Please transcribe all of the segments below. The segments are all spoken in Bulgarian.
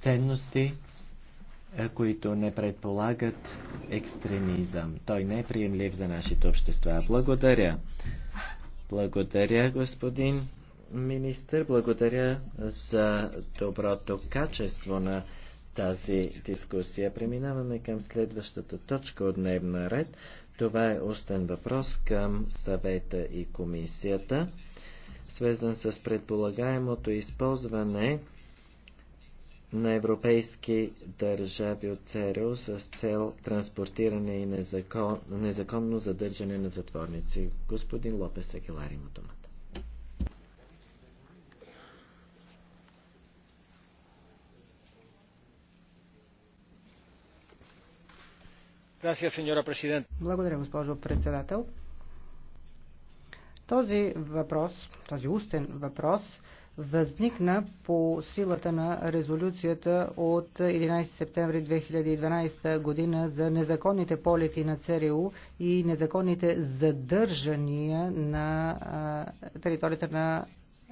Ценности, които не предполагат екстремизъм. Той не е приемлив за нашите общества. Благодаря. Благодаря, господин министр. Благодаря за доброто качество на тази дискусия. Преминаваме към следващата точка от дневна ред. Това е устен въпрос към съвета и комисията, свързан с предполагаемото използване на европейски държави от ЦРУ с цел транспортиране и незакон, незаконно задържане на затворници. Господин Лопес Агилар има думата. Благодаря, госпожо председател. Този въпрос, този устен въпрос, възникна по силата на резолюцията от 11 септември 2012 година за незаконните полети на ЦРУ и незаконните задържания на територията на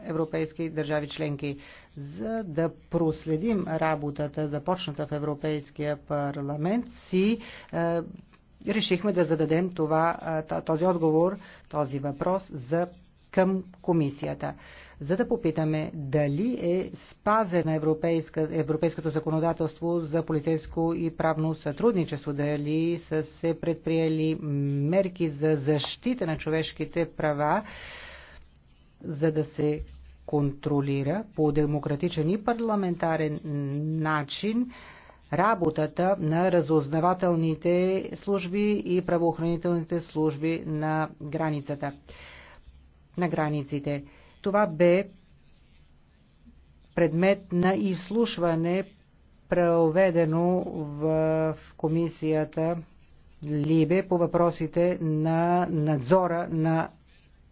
европейски държави членки. За да проследим работата, започната в Европейския парламент, си решихме да зададем това, този отговор, този въпрос за към комисията за да попитаме дали е спазено европейска, европейското законодателство за полицейско и правно сътрудничество, дали са се предприели мерки за защита на човешките права, за да се контролира по демократичен и парламентарен начин работата на разузнавателните служби и правоохранителните служби на границата. На границите. Това бе предмет на изслушване, проведено в комисията Либе по въпросите на надзора на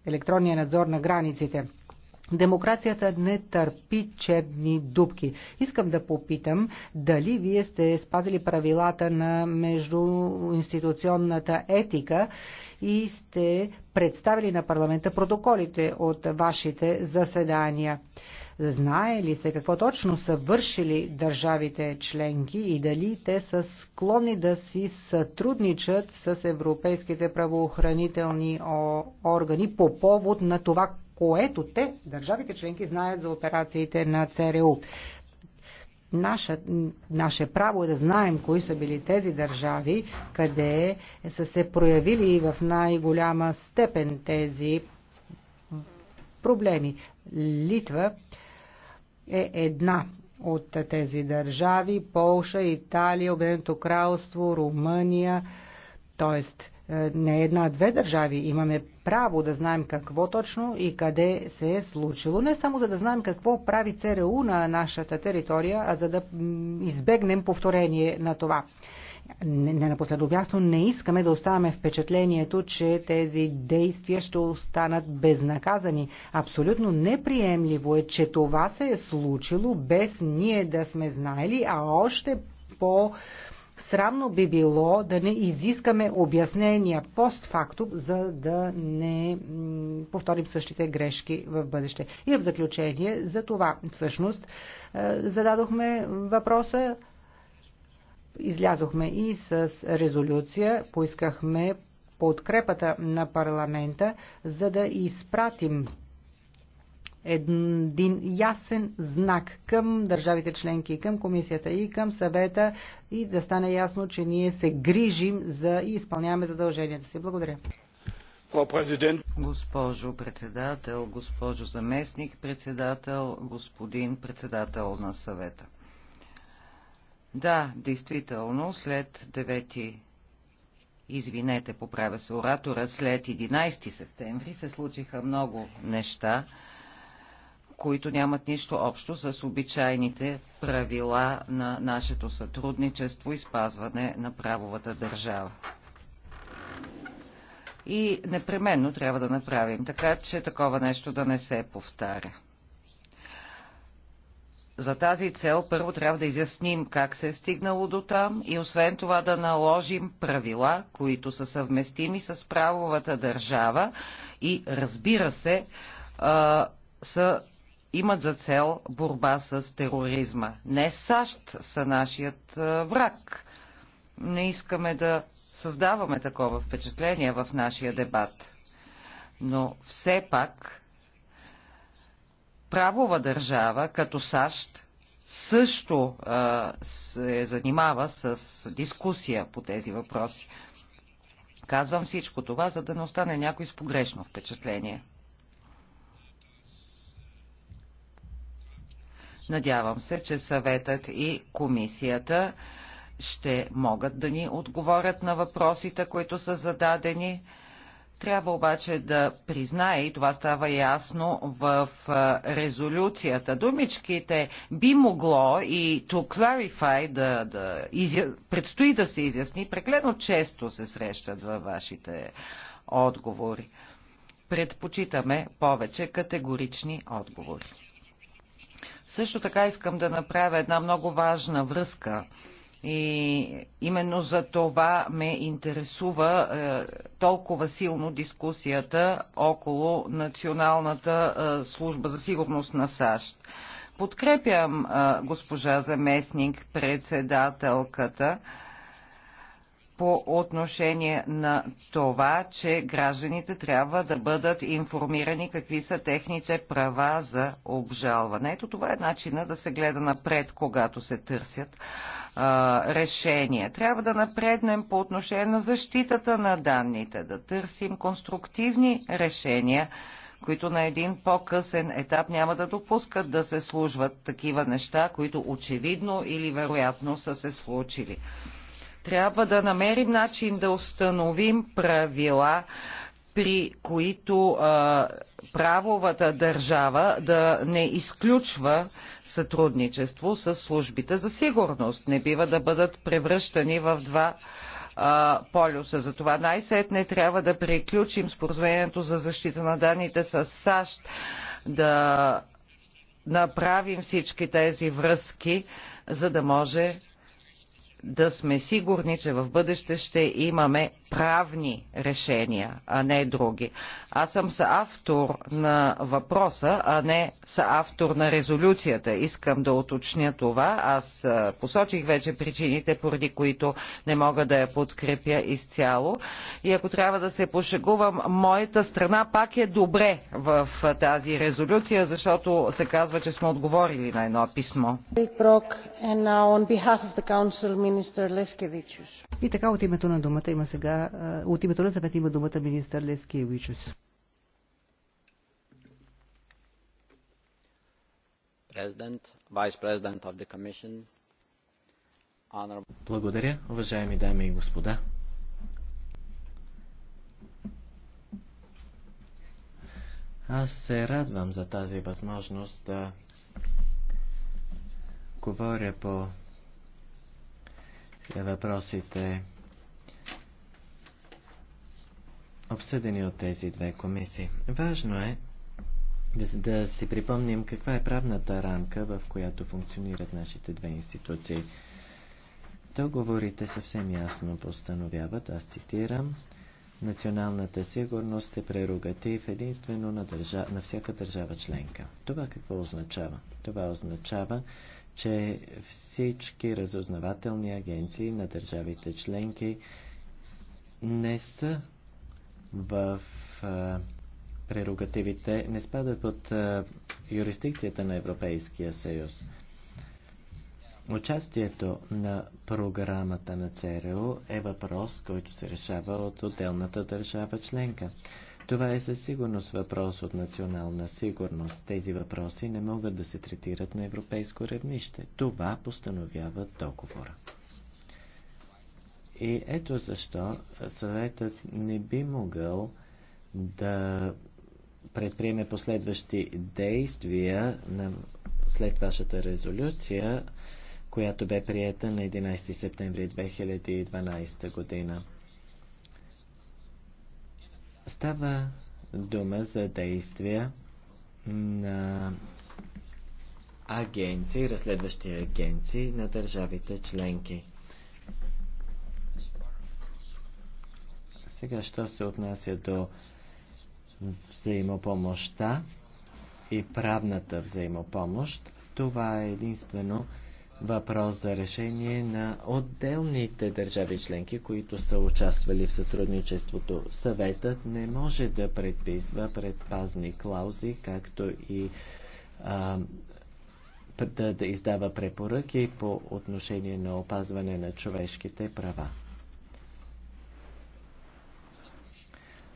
електронния надзор на границите. Демокрацията не търпи черни дубки. Искам да попитам дали вие сте спазили правилата на междуинституционната етика и сте представили на парламента протоколите от вашите заседания. Знае ли се какво точно са вършили държавите членки и дали те са склонни да си сътрудничат с европейските правоохранителни органи по повод на това, което те, държавите членки, знаят за операциите на ЦРУ. Наше, наше право е да знаем кои са били тези държави, къде са се проявили в най-голяма степен тези проблеми. Литва е една от тези държави, Полша, Италия, Обединеното кралство, Румъния, т.е. Е, не една-две държави. Имаме право да знаем какво точно и къде се е случило. Не само за да знаем какво прави ЦРУ на нашата територия, а за да избегнем повторение на това. Не, не на последно място не искаме да оставаме впечатлението, че тези действия ще останат безнаказани. Абсолютно неприемливо е, че това се е случило без ние да сме знаели, а още по Срамно би било да не изискаме обяснения постфактум, за да не повторим същите грешки в бъдеще. И в заключение, за това всъщност е, зададохме въпроса, излязохме и с резолюция, поискахме подкрепата на парламента, за да изпратим един ясен знак към държавите членки, към комисията и към съвета и да стане ясно, че ние се грижим за и изпълняваме задълженията си. Благодаря. Госпожо председател, госпожо заместник председател, господин председател на съвета. Да, действително, след 9 извинете, поправя се оратора, след 11 септември се случиха много неща, които нямат нищо общо с обичайните правила на нашето сътрудничество и спазване на правовата държава. И непременно трябва да направим така, че такова нещо да не се повтаря. За тази цел първо трябва да изясним как се е стигнало до там и освен това да наложим правила, които са съвместими с правовата държава и разбира се, са имат за цел борба с тероризма. Не САЩ са нашият враг. Не искаме да създаваме такова впечатление в нашия дебат. Но все пак правова държава като САЩ също а, се занимава с дискусия по тези въпроси. Казвам всичко това, за да не остане някой с погрешно впечатление. Надявам се, че съветът и комисията ще могат да ни отговорят на въпросите, които са зададени. Трябва обаче да признае, и това става ясно в резолюцията, думичките би могло и to clarify, да, да, изя... предстои да се изясни, преклено често се срещат във вашите отговори. Предпочитаме повече категорични отговори. Също така искам да направя една много важна връзка и именно за това ме интересува е, толкова силно дискусията около Националната е, служба за сигурност на САЩ. Подкрепям е, госпожа заместник председателката. Е, по отношение на това, че гражданите трябва да бъдат информирани какви са техните права за обжалване. Ето това е начина да се гледа напред, когато се търсят а, решения. Трябва да напреднем по отношение на защитата на данните, да търсим конструктивни решения, които на един по-късен етап няма да допускат да се служват такива неща, които очевидно или вероятно са се случили. Трябва да намерим начин да установим правила, при които а, правовата държава да не изключва сътрудничество с службите за сигурност. Не бива да бъдат превръщани в два а, полюса. Затова най-сетне трябва да приключим споразумението за защита на данните с САЩ, да направим всички тези връзки, за да може да сме сигурни, че в бъдеще ще имаме правни решения, а не други. Аз съм съавтор на въпроса, а не съавтор на резолюцията. Искам да уточня това. Аз посочих вече причините, поради които не мога да я подкрепя изцяло. И ако трябва да се пошегувам, моята страна пак е добре в тази резолюция, защото се казва, че сме отговорили на едно писмо. И така от името на думата има сега е, от името на съвет има думата министър Лески Ивичус. President, Vice President of the Commission, благодаря, уважаеми дами и господа. Аз се радвам за тази възможност да говоря по въпросите обсъдени от тези две комисии. Важно е да, да си припомним каква е правната рамка, в която функционират нашите две институции. Договорите съвсем ясно постановяват, аз цитирам, националната сигурност е прерогатив единствено на, държа... на всяка държава членка. Това какво означава? Това означава, че всички разузнавателни агенции на държавите членки не са в прерогативите не спадат под юрисдикцията на Европейския съюз. Участието на програмата на ЦРУ е въпрос, който се решава от отделната държава членка. Това е със сигурност въпрос от национална сигурност. Тези въпроси не могат да се третират на европейско равнище. Това постановява договора. И ето защо съветът не би могъл да предприеме последващи действия на, след вашата резолюция, която бе приета на 11 септември 2012 година. Става дума за действия на агенции, разследващи агенции на държавите членки. Сега, що се отнася до взаимопомощта и правната взаимопомощ, това е единствено въпрос за решение на отделните държави членки, които са участвали в сътрудничеството. Съветът не може да предписва предпазни клаузи, както и а, да, да издава препоръки по отношение на опазване на човешките права.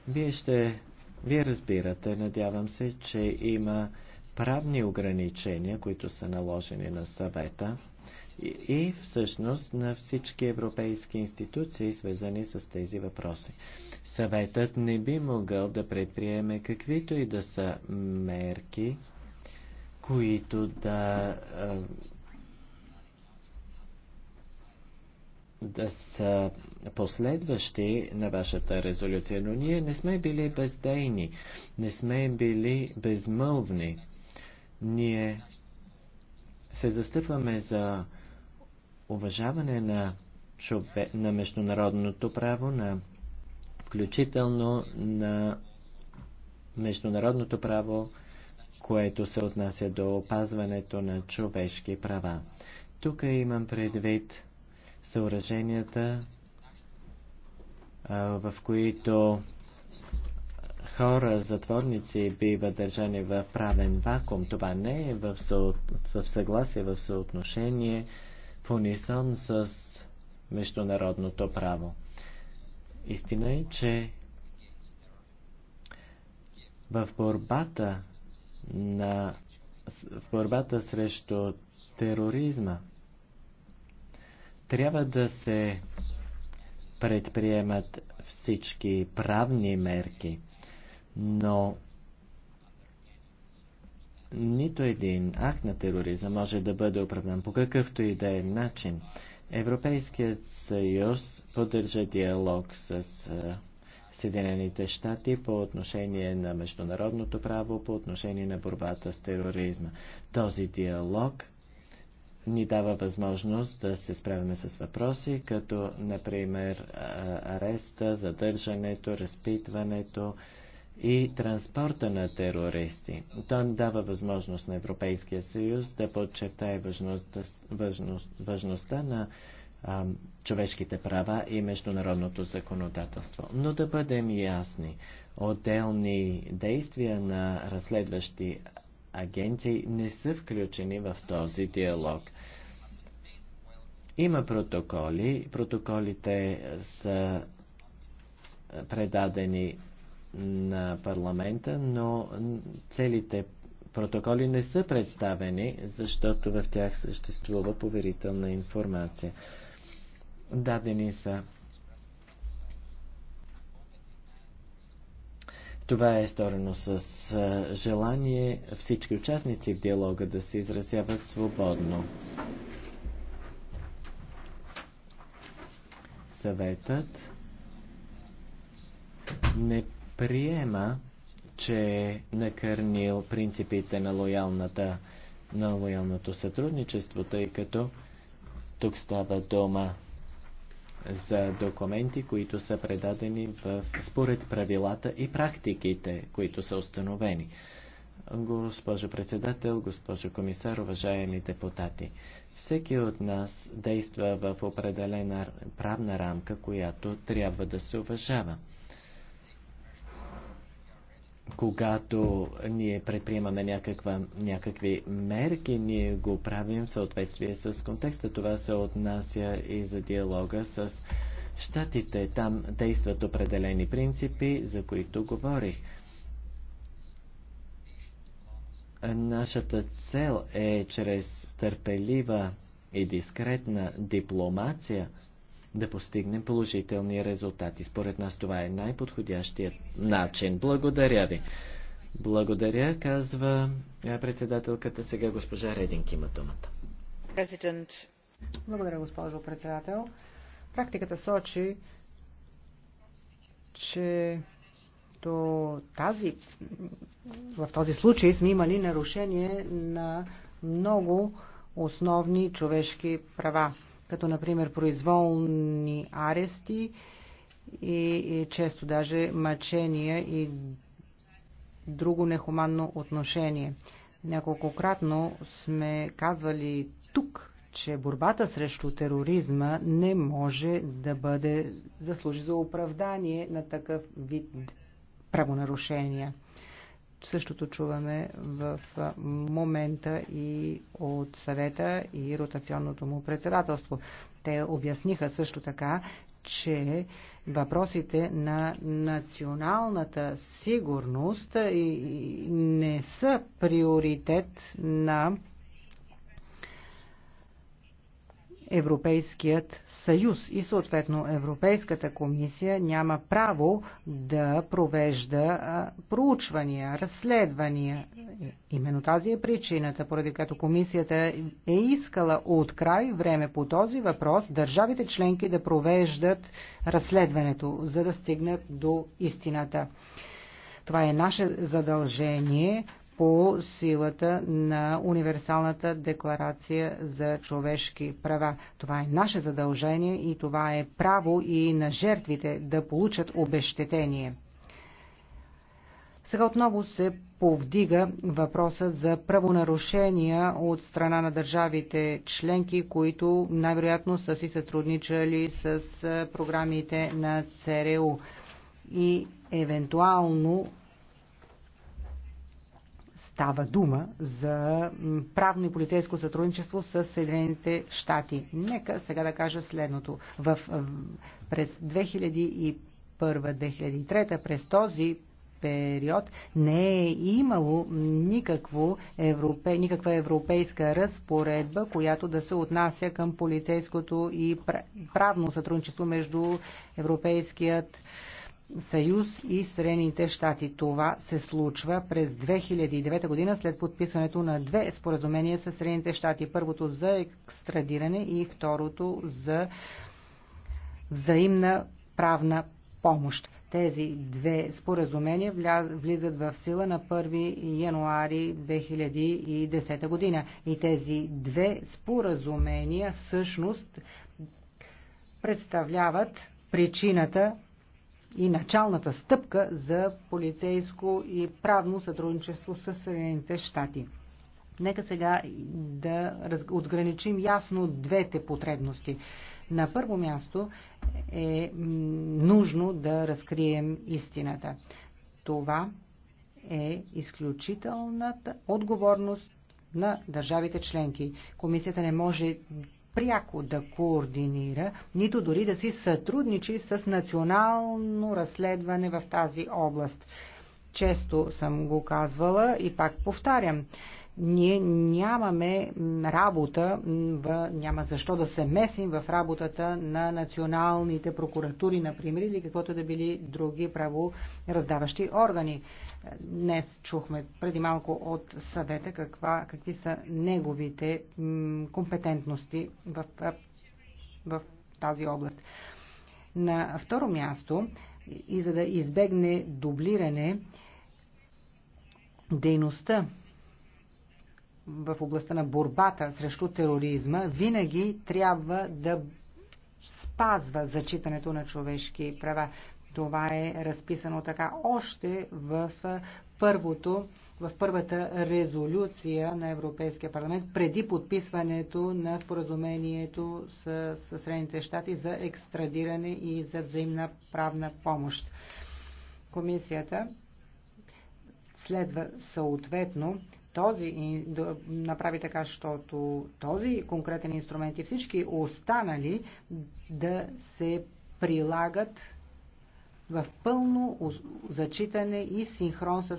Вие ще... Вие разбирате, надявам се, че има правни ограничения, които са наложени на съвета и, и всъщност на всички европейски институции, свързани с тези въпроси. Съветът не би могъл да предприеме каквито и да са мерки, които да да са последващи на вашата резолюция, но ние не сме били бездейни, не сме били безмълвни. Ние се застъпваме за уважаване на, чове... на международното право, на... включително на международното право, което се отнася до опазването на човешки права. Тук имам предвид съоръженията в които хора, затворници биват държани в правен вакуум. Това не е в, в съгласие, в съотношение, в унисон с международното право. Истина е, че в борбата на в борбата срещу тероризма трябва да се предприемат всички правни мерки, но нито един акт на тероризъм може да бъде оправдан по какъвто и да е начин. Европейският съюз поддържа диалог с Съединените щати по отношение на международното право, по отношение на борбата с тероризма. Този диалог ни дава възможност да се справяме с въпроси, като, например, ареста, задържането, разпитването и транспорта на терористи. То дава възможност на Европейския съюз да подчертае важността, важност, важността на а, човешките права и международното законодателство. Но да бъдем ясни, отделни действия на разследващи агенции не са включени в този диалог. Има протоколи. Протоколите са предадени на парламента, но целите протоколи не са представени, защото в тях съществува поверителна информация. Дадени са Това е сторено с желание всички участници в диалога да се изразяват свободно. Съветът не приема, че е накърнил принципите на, лоялната, на лоялното сътрудничество, тъй като тук става дома за документи, които са предадени в, според правилата и практиките, които са установени. Госпожо председател, госпожо комисар, уважаеми депутати, всеки от нас действа в определена правна рамка, която трябва да се уважава когато ние предприемаме някаква, някакви мерки, ние го правим в съответствие с контекста. Това се отнася и за диалога с щатите. Там действат определени принципи, за които говорих. Нашата цел е чрез търпелива и дискретна дипломация – да постигнем положителни резултати. Според нас това е най-подходящият начин. Благодаря ви. Благодаря, казва председателката. Сега госпожа Рединг има думата. Президент. Благодаря, госпожо председател. Практиката сочи, че то тази, в този случай сме имали нарушение на много основни човешки права като например произволни арести и често даже мъчения и друго нехуманно отношение. Няколкократно сме казвали тук, че борбата срещу тероризма не може да бъде да служи за оправдание на такъв вид правонарушения. Същото чуваме в момента и от съвета и ротационното му председателство. Те обясниха също така, че въпросите на националната сигурност не са приоритет на Европейският съюз и съответно Европейската комисия няма право да провежда проучвания, разследвания. Именно тази е причината, поради като комисията е искала от край време по този въпрос държавите членки да провеждат разследването, за да стигнат до истината. Това е наше задължение по силата на Универсалната декларация за човешки права. Това е наше задължение и това е право и на жертвите да получат обещетение. Сега отново се повдига въпроса за правонарушения от страна на държавите членки, които най-вероятно са си сътрудничали с програмите на ЦРУ и евентуално Става дума за правно и полицейско сътрудничество с Съединените щати. Нека сега да кажа следното. В, през 2001-2003, през този период не е имало никакво европе, никаква европейска разпоредба, която да се отнася към полицейското и правно сътрудничество между Европейският съюз и Средните щати. Това се случва през 2009 година след подписването на две споразумения с Средните щати. Първото за екстрадиране и второто за взаимна правна помощ. Тези две споразумения влизат в сила на 1 януари 2010 година. И тези две споразумения всъщност представляват причината и началната стъпка за полицейско и правно сътрудничество с Съединените щати. Нека сега да отграничим ясно двете потребности. На първо място е нужно да разкрием истината. Това е изключителната отговорност на държавите членки. Комисията не може пряко да координира, нито дори да си сътрудничи с национално разследване в тази област. Често съм го казвала и пак повтарям ние нямаме работа, няма защо да се месим в работата на националните прокуратури, например, или каквото да били други правораздаващи органи. Е, днес чухме преди малко от съвета каква, какви са неговите компетентности в, е, в тази област. На второ място, и за да избегне дублиране, дейността в областта на борбата срещу тероризма винаги трябва да спазва зачитането на човешки права. Това е разписано така още в първото в първата резолюция на Европейския парламент преди подписването на споразумението с, Средните щати за екстрадиране и за взаимна правна помощ. Комисията следва съответно този, да направи така, защото този конкретен инструмент и всички останали да се прилагат в пълно зачитане и синхрон с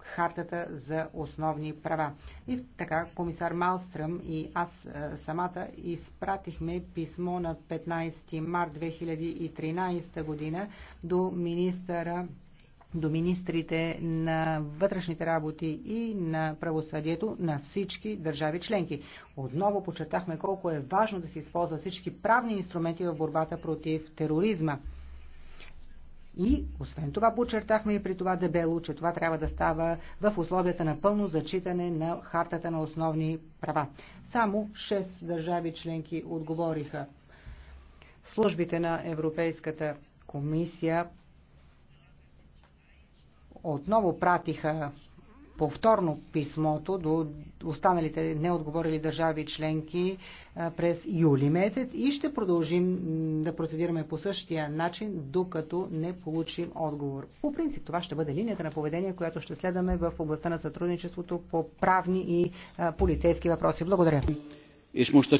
хартата за основни права. И така комисар Малстръм и аз е, самата изпратихме писмо на 15 март 2013 година до министъра до министрите на вътрешните работи и на правосъдието на всички държави членки. Отново почертахме колко е важно да се използва всички правни инструменти в борбата против тероризма. И, освен това, подчертахме и при това дебело, че това трябва да става в условията на пълно зачитане на хартата на основни права. Само 6 държави членки отговориха. Службите на Европейската комисия отново пратиха повторно писмото до останалите неотговорили държави членки през юли месец и ще продължим да процедираме по същия начин, докато не получим отговор. По принцип това ще бъде линията на поведение, която ще следваме в областта на сътрудничеството по правни и полицейски въпроси. Благодаря. És most a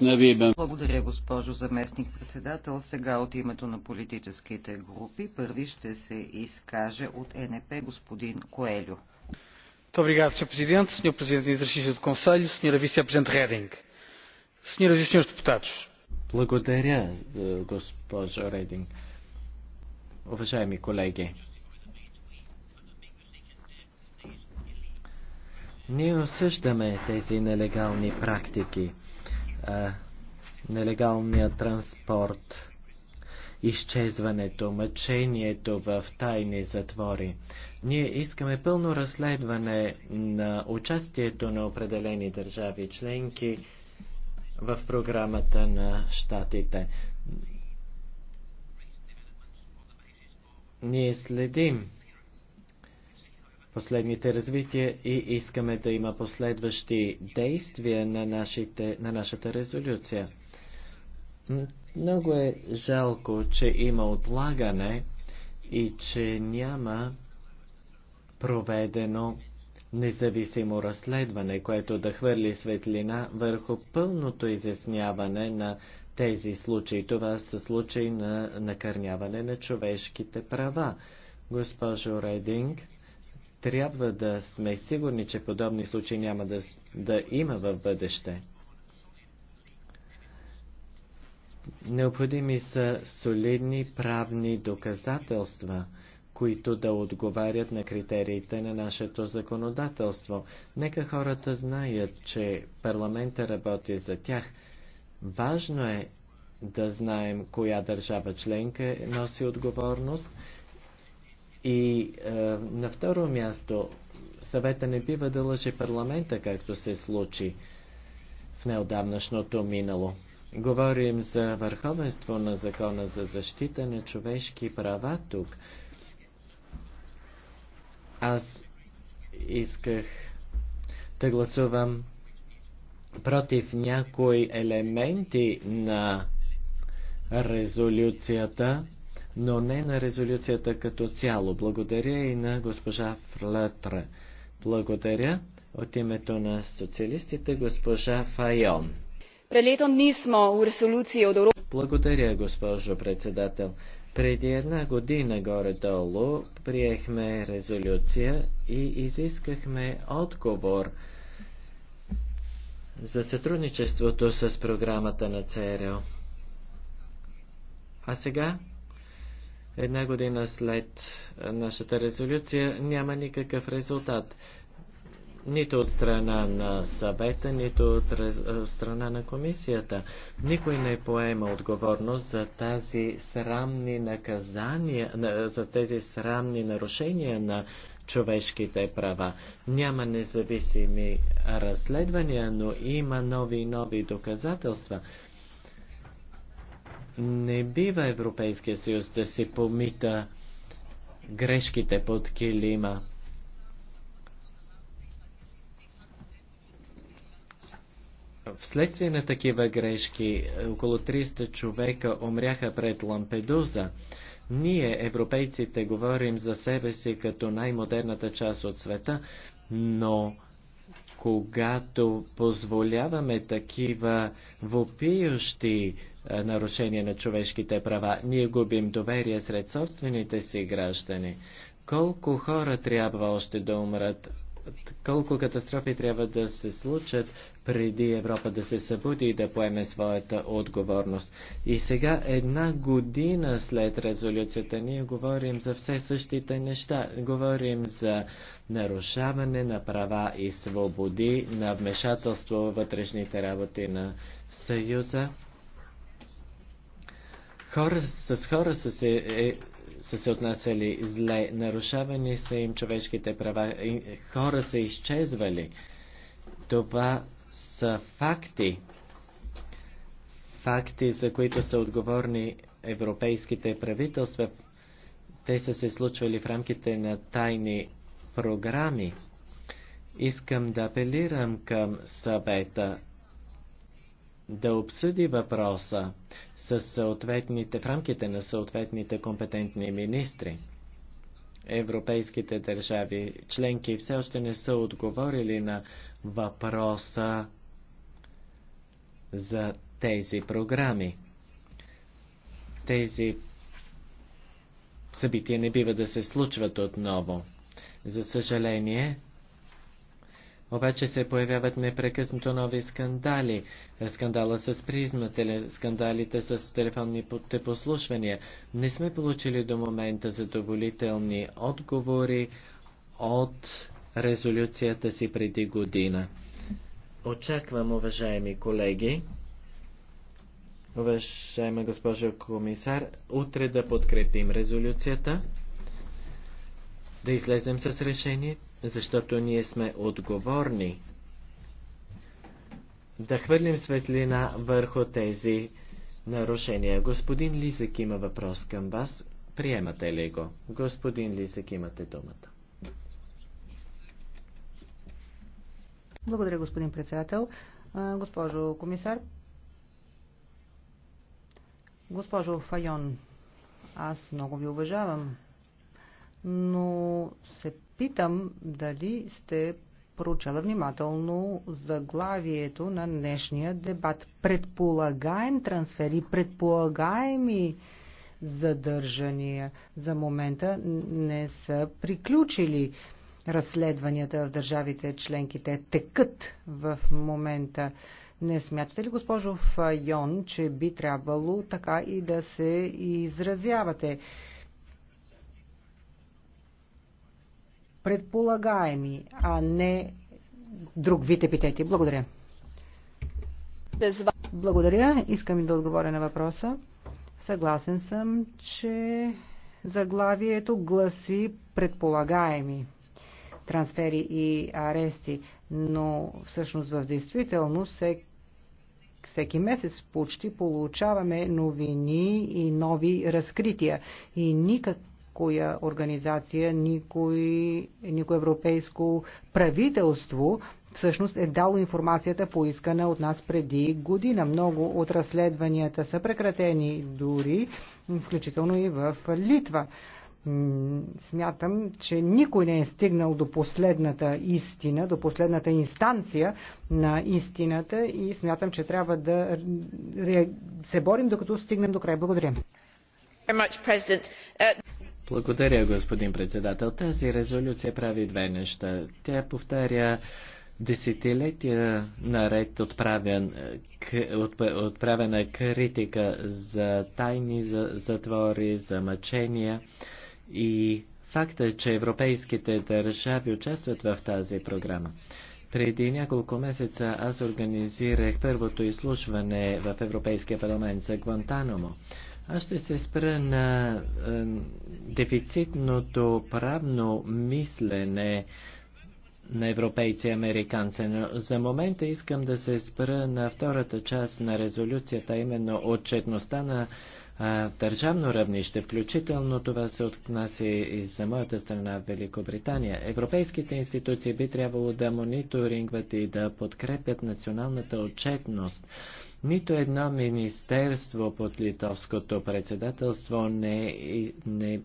nevében. Благодаря, госпожо заместник-председател. Сега от името на политическите групи първи ще се изкаже от НП господин Коелю. Muito Obrigado, Sr. Presidente, Sr. Presidente em exercício do Conselho, Sra. Vice-Presidente Reding, Sras. e Srs. Deputados. Благодаря, госпожо Reding. Уважаеми колеги, Ние осъждаме тези нелегални практики, а, нелегалния транспорт, изчезването, мъчението в тайни затвори. Ние искаме пълно разследване на участието на определени държави членки в програмата на щатите. Ние следим последните развития и искаме да има последващи действия на, нашите, на нашата резолюция. Много е жалко, че има отлагане и че няма проведено независимо разследване, което да хвърли светлина върху пълното изясняване на тези случаи. Това са случаи на накърняване на човешките права. Госпожо Рединг, трябва да сме сигурни, че подобни случаи няма да, да има в бъдеще. Необходими са солидни правни доказателства, които да отговарят на критериите на нашето законодателство. Нека хората знаят, че парламента работи за тях. Важно е да знаем коя държава членка носи отговорност и е, на второ място, съвета не бива да лъже парламента, както се случи в неодавнашното минало. Говорим за върховенство на закона за защита на човешки права тук. Аз исках да гласувам против някои елементи на резолюцията, но не на резолюцията като цяло. Благодаря и на госпожа Флътра. Благодаря от името на социалистите госпожа Файон. Прелетом дни смо у резолюция от Европа. Благодаря, госпожо председател. Преди една година горе-долу приехме резолюция и изискахме отговор за сътрудничеството с програмата на ЦРО. А сега Една година след нашата резолюция няма никакъв резултат. Нито от страна на съвета, нито от рез... страна на комисията. Никой не поема отговорност за тази срамни наказания, за тези срамни нарушения на човешките права. Няма независими разследвания, но има нови и нови доказателства. Не бива Европейския съюз да си помита грешките под килима. Вследствие на такива грешки около 300 човека умряха пред Лампедуза. Ние, европейците, говорим за себе си като най-модерната част от света, но когато позволяваме такива вопиющи е, нарушение на човешките права. Ние губим доверие сред собствените си граждани. Колко хора трябва още да умрат? Колко катастрофи трябва да се случат преди Европа да се събуди и да поеме своята отговорност? И сега, една година след резолюцията, ние говорим за все същите неща. Говорим за нарушаване на права и свободи, на вмешателство във вътрешните работи на Съюза. Хора, с хора са се, е, са се отнасяли зле, нарушавани са им човешките права, хора са изчезвали. Това са факти. Факти, за които са отговорни европейските правителства. Те са се случвали в рамките на тайни програми. Искам да апелирам към съвета да обсъди въпроса с съответните, в рамките на съответните компетентни министри. Европейските държави членки все още не са отговорили на въпроса за тези програми. Тези събития не бива да се случват отново. За съжаление, обаче се появяват непрекъснато нови скандали. Скандала с призма, скандалите с телефонните послушвания. Не сме получили до момента задоволителни отговори от резолюцията си преди година. Очаквам, уважаеми колеги, уважаема госпожо комисар, утре да подкрепим резолюцията, да излезем с решение, защото ние сме отговорни да хвърлим светлина върху тези нарушения. Господин Лизък има въпрос към вас. Приемате ли го? Господин Лизък, имате думата. Благодаря, господин председател. Госпожо комисар, госпожо Файон, аз много ви уважавам но се питам дали сте проучала внимателно заглавието на днешния дебат. Предполагаем трансфери, предполагаеми задържания за момента не са приключили разследванията в държавите членките. Текът в момента. Не смятате ли, госпожо Файон, че би трябвало така и да се изразявате? предполагаеми, а не друг вид епитети. Благодаря. Благодаря. Искам и да отговоря на въпроса. Съгласен съм, че заглавието гласи предполагаеми трансфери и арести, но всъщност в действителност всеки всеки месец почти получаваме новини и нови разкрития. И никак никоя организация, никой, никой европейско правителство всъщност е дало информацията поискана от нас преди година. Много от разследванията са прекратени дори, включително и в Литва. Смятам, че никой не е стигнал до последната истина, до последната инстанция на истината и смятам, че трябва да се борим докато стигнем до край. Благодаря. Благодаря, господин председател. Тази резолюция прави две неща. Тя повтаря десетилетия наред отправен, е, отправена критика за тайни затвори, за мъчения и факта, че европейските държави участват в тази програма. Преди няколко месеца аз организирах първото изслушване в Европейския парламент за Гвантанамо. Аз ще се спра на е, дефицитното правно мислене на европейци и американци. Но за момента искам да се спра на втората част на резолюцията, именно отчетността на е, държавно равнище, включително това се отнася и за моята страна в Великобритания. Европейските институции би трябвало да мониторингват и да подкрепят националната отчетност нито едно министерство под литовското председателство не, не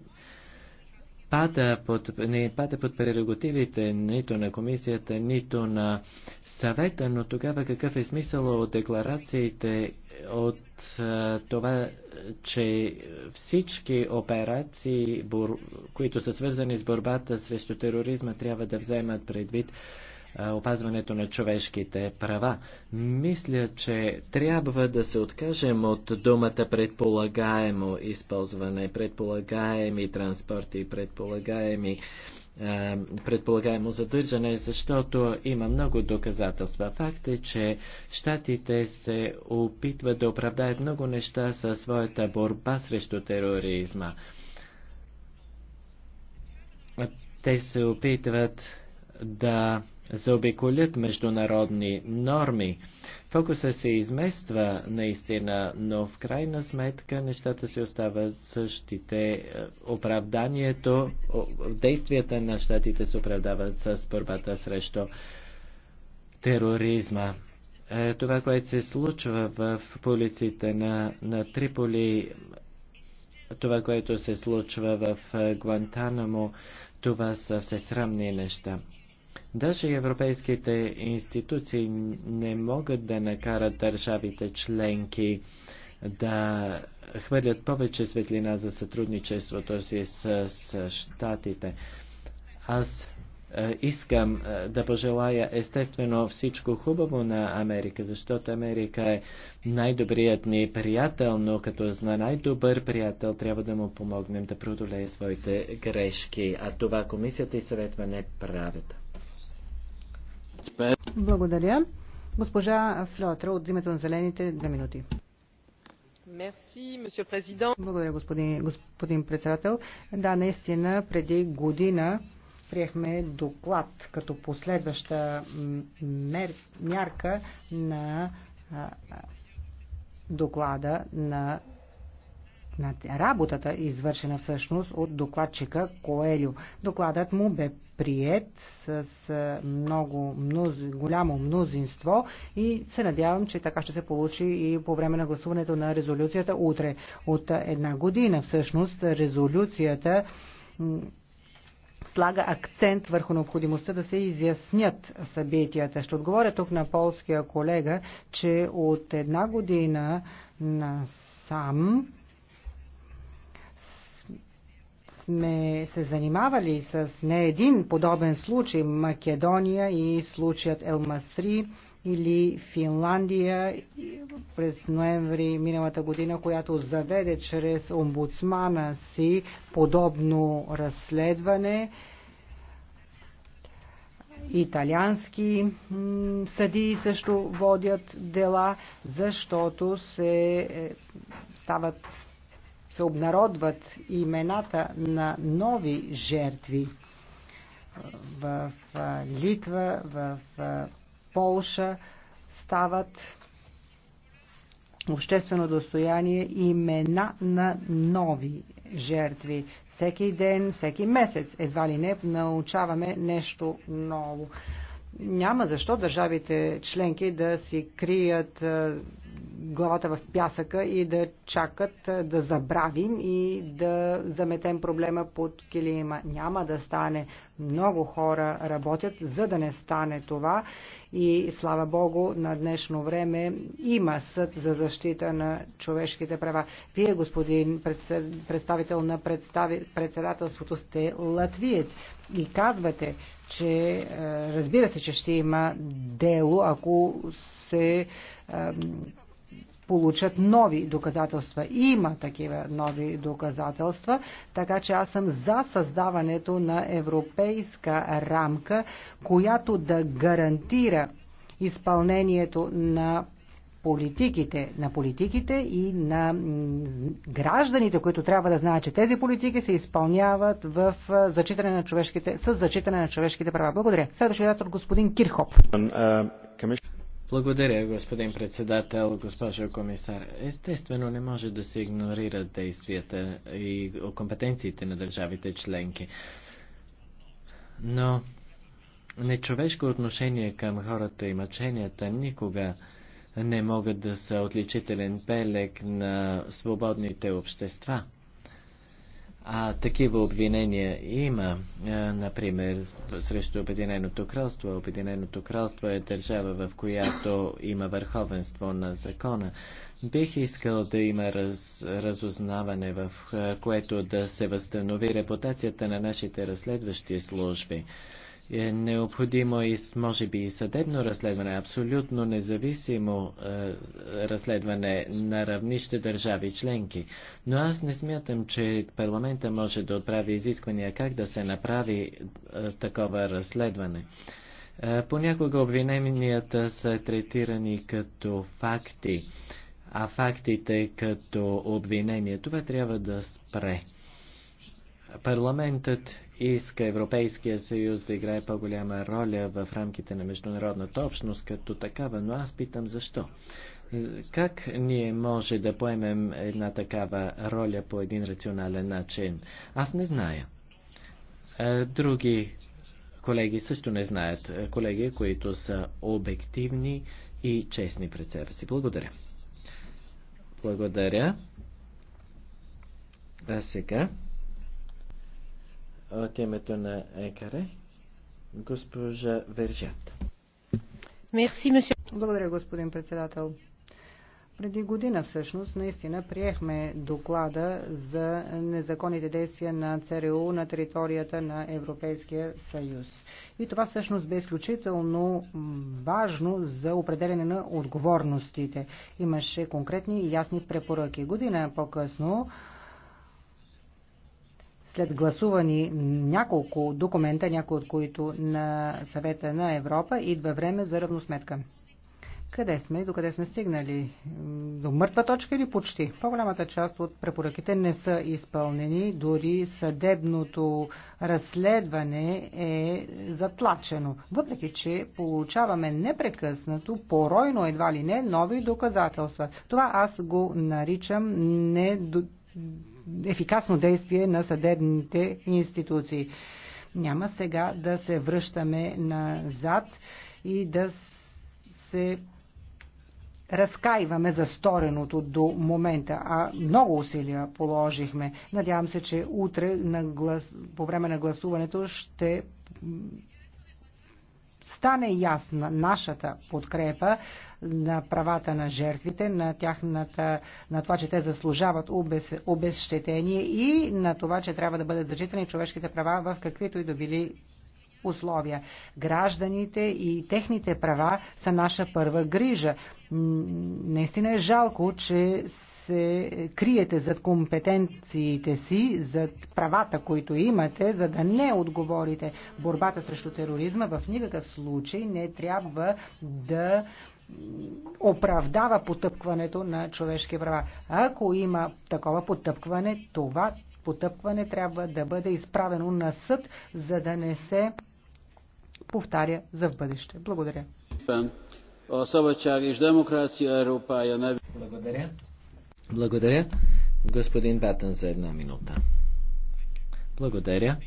пада под, не пада под прерогативите нито на комисията, нито на съвета, но тогава какъв е смисъл от декларациите от а, това, че всички операции, бур, които са свързани с борбата срещу тероризма, трябва да вземат предвид опазването на човешките права. Мисля, че трябва да се откажем от думата предполагаемо използване, предполагаеми транспорти, предполагаеми предполагаемо задържане, защото има много доказателства. Факт е, че щатите се опитват да оправдаят много неща със своята борба срещу тероризма. Те се опитват да заобиколят международни норми. Фокуса се измества наистина, но в крайна сметка нещата си остават същите. Оправданието, действията на щатите се оправдават с борбата срещу тероризма. Е, това, което се случва в полиците на, на Триполи, това, което се случва в е, Гуантанамо, това са всесрамни неща. Даже европейските институции не могат да накарат държавите членки да хвърлят повече светлина за сътрудничеството си с, щатите. Аз е, искам е, да пожелая естествено всичко хубаво на Америка, защото Америка е най-добрият ни приятел, но като зна най-добър приятел трябва да му помогнем да продолее своите грешки, а това комисията и съветва не правят. Благодаря. Госпожа Флотра от името на Зелените, две минути. Благодаря, господин, господин председател. Да, наистина, преди година приехме доклад като последваща мер, мярка на а, доклада на, на работата, извършена всъщност от докладчика Коелю. Докладът му бе прият с много мнозо, голямо мнозинство и се надявам, че така ще се получи и по време на гласуването на резолюцията утре. От една година всъщност резолюцията слага акцент върху необходимостта да се изяснят събитията. Ще отговоря тук на полския колега, че от една година на сам сме се занимавали с не един подобен случай Македония и случаят Елмасри или Финландия през ноември миналата година, която заведе чрез омбудсмана си подобно разследване. Италиански съдии също водят дела, защото се е, стават се обнародват имената на нови жертви в Литва, в Полша стават обществено достояние имена на нови жертви. Всеки ден, всеки месец, едва ли не, научаваме нещо ново. Няма защо държавите членки да си крият главата в пясъка и да чакат да забравим и да заметем проблема под килима. Няма да стане. Много хора работят, за да не стане това. И слава Богу, на днешно време има съд за защита на човешките права. Вие, господин представител на председателството, сте латвиец и казвате, че разбира се, че ще има дело, ако се получат нови доказателства. Има такива нови доказателства, така че аз съм за създаването на европейска рамка, която да гарантира изпълнението на политиките, на политиките и на гражданите, които трябва да знаят, че тези политики се изпълняват в зачитане на човешките, с зачитане на човешките права. Благодаря. Следващия от господин Кирхоп. Е, благодаря, господин председател, госпожо комисар. Естествено, не може да се игнорират действията и компетенциите на държавите членки. Но нечовешко отношение към хората и мъченията никога не могат да са отличителен пелек на свободните общества. А такива обвинения има, например, срещу Обединеното кралство. Обединеното кралство е държава, в която има върховенство на закона. Бих искал да има раз, разузнаване, в което да се възстанови репутацията на нашите разследващи служби е необходимо и може би и съдебно разследване, абсолютно независимо е, разследване на равнище държави членки. Но аз не смятам, че парламента може да отправи изисквания как да се направи е, такова разследване. Е, понякога обвиненията са третирани като факти, а фактите като обвинение. Това трябва да спре. Парламентът иска Европейския съюз да играе по-голяма роля в рамките на международната общност като такава, но аз питам защо. Как ние може да поемем една такава роля по един рационален начин? Аз не зная. Е, други колеги също не знаят. Е, колеги, които са обективни и честни пред себе си. Благодаря. Благодаря. А сега от името на ЕКАРЕ, госпожа Вержат. Благодаря, господин председател. Преди година всъщност наистина приехме доклада за незаконните действия на ЦРУ на територията на Европейския съюз. И това всъщност бе изключително важно за определене на отговорностите. Имаше конкретни и ясни препоръки. Година по-късно след гласувани няколко документа, някои от които на съвета на Европа, идва време за равносметка. Къде сме? До къде сме стигнали? До мъртва точка или почти? По-голямата част от препоръките не са изпълнени, дори съдебното разследване е затлачено. Въпреки, че получаваме непрекъснато, поройно едва ли не, нови доказателства. Това аз го наричам не ефикасно действие на съдебните институции. Няма сега да се връщаме назад и да се разкаиваме за стореното до момента, а много усилия положихме. Надявам се, че утре на глас... по време на гласуването ще стане ясна нашата подкрепа на правата на жертвите, на, тяхната, на това, че те заслужават обез, обезщетение и на това, че трябва да бъдат зачитани човешките права в каквито и добили условия. Гражданите и техните права са наша първа грижа. Наистина е жалко, че се криете зад компетенциите си, зад правата, които имате, за да не отговорите. Борбата срещу тероризма в никакъв случай не трябва да оправдава потъпкването на човешки права. Ако има такова потъпкване, това потъпкване трябва да бъде изправено на съд, за да не се повтаря за в бъдеще. Благодаря. Благодаря. Благодаря. Господин Батън за една минута. Благодаря.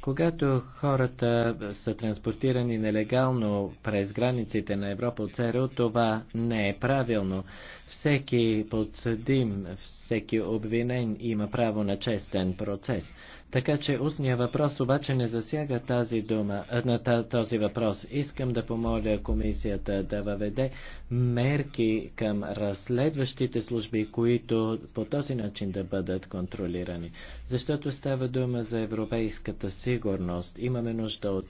Когато хората са транспортирани нелегално през границите на Европа от ЦРУ, това не е правилно. Всеки подсъдим, всеки обвинен има право на честен процес. Така че устния въпрос обаче не засяга тази дума, на този въпрос. Искам да помоля комисията да въведе мерки към разследващите служби, които по този начин да бъдат контролирани. Защото става дума за европейската сигурност. Имаме нужда от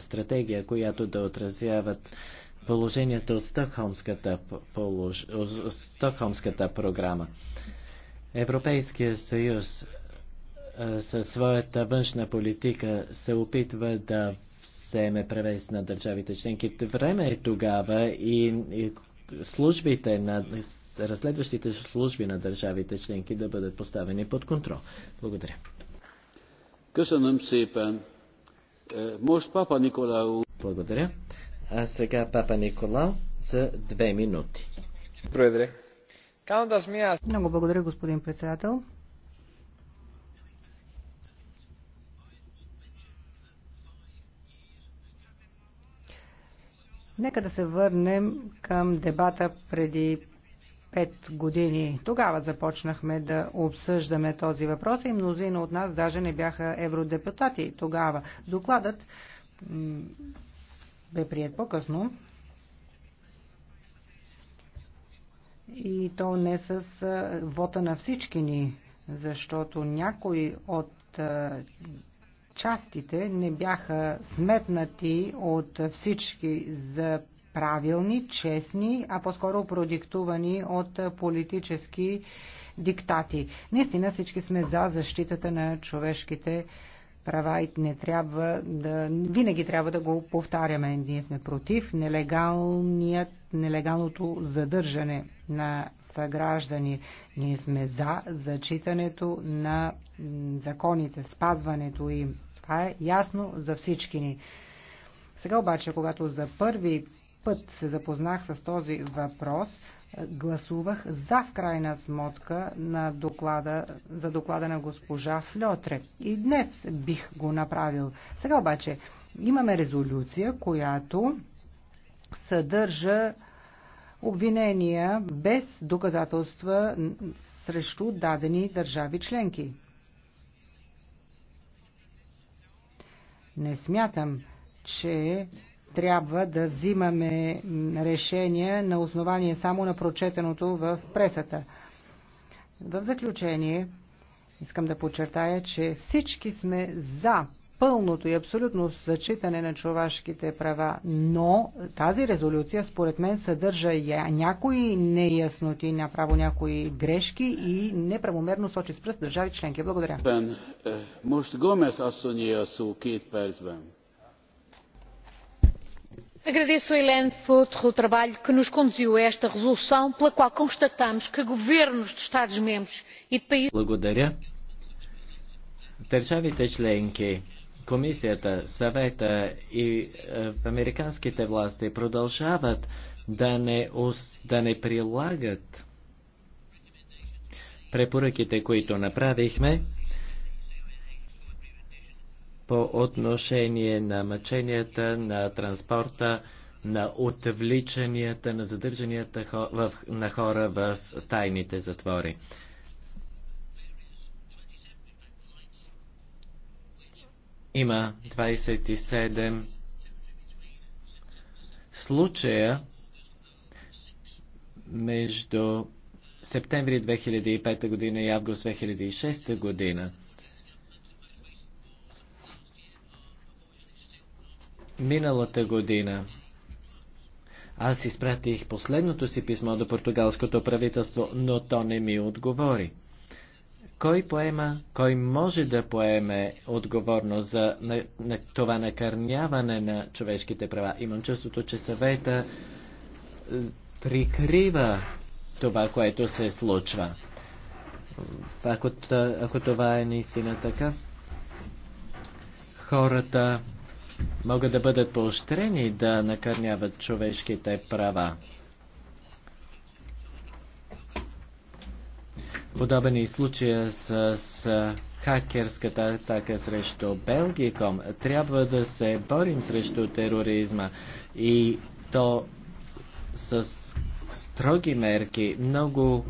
стратегия, която да отразяват положението от Стокхолмската, полож... Стокхолмската програма. Европейския съюз със своята външна политика се опитва да вземе превес на държавите членки. Време е тогава и, и службите на разследващите служби на държавите членки да бъдат поставени под контрол. Благодаря. Е, Благодаря. А сега папа Николао за две минути. Проведре. Много благодаря, господин председател. Нека да се върнем към дебата преди пет години. Тогава започнахме да обсъждаме този въпрос и мнозина от нас даже не бяха евродепутати тогава. Докладът бе прият по-късно. И то не с вота на всички ни, защото някои от частите не бяха сметнати от всички за правилни, честни, а по-скоро продиктувани от политически диктати. Наистина всички сме за защитата на човешките права права и не трябва да... Винаги трябва да го повтаряме. Ние сме против нелегалният, нелегалното задържане на съграждани. Ние сме за зачитането на законите, спазването им. Това е ясно за всички ни. Сега обаче, когато за първи път се запознах с този въпрос, гласувах за в крайна смотка на доклада, за доклада на госпожа Фльотре. И днес бих го направил. Сега обаче имаме резолюция, която съдържа обвинения без доказателства срещу дадени държави членки. Не смятам, че трябва да взимаме решения на основание само на прочетеното в пресата. В заключение, искам да подчертая, че всички сме за пълното и абсолютно зачитане на човешките права, но тази резолюция според мен съдържа някои неясноти, направо някои грешки и неправомерно сочи с пръст държави членки. Благодаря. Е, agradeço a helene fourth o trabalho que nos conduziu a esta resolução pela qual constatamos que governos de estados membros и e de países. Благодаря. Държавите членки, комисията, съвета и е, американските власти продължават да не, да не прилагат препоръките, които направихме по отношение на мъченията, на транспорта, на отвличанията, на задържанията на хора в тайните затвори. Има 27 случая между септември 2005 година и август 2006 година. Миналата година аз изпратих последното си писмо до португалското правителство, но то не ми отговори. Кой поема, кой може да поеме отговорност за на, на това накърняване на човешките права? Имам чувството, че съвета прикрива това, което се случва. Ако, ако това е наистина така, хората могат да бъдат поощрени да накърняват човешките права. Подобен е и случая с, с хакерската атака срещу Белгиком. Трябва да се борим срещу тероризма и то с строги мерки. Много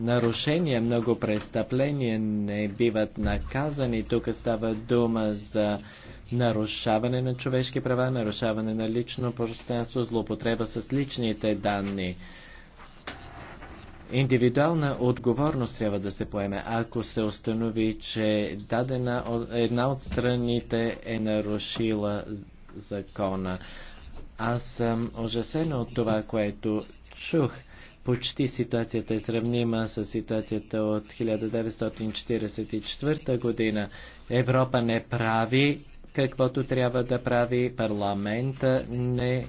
нарушения, много престъпления не биват наказани. Тук става дума за нарушаване на човешки права, нарушаване на лично пространство, злоупотреба с личните данни. Индивидуална отговорност трябва да се поеме, ако се установи, че дадена една от страните е нарушила закона. Аз съм ужасена от това, което чух почти ситуацията е сравнима с ситуацията от 1944 година. Европа не прави каквото трябва да прави, парламент не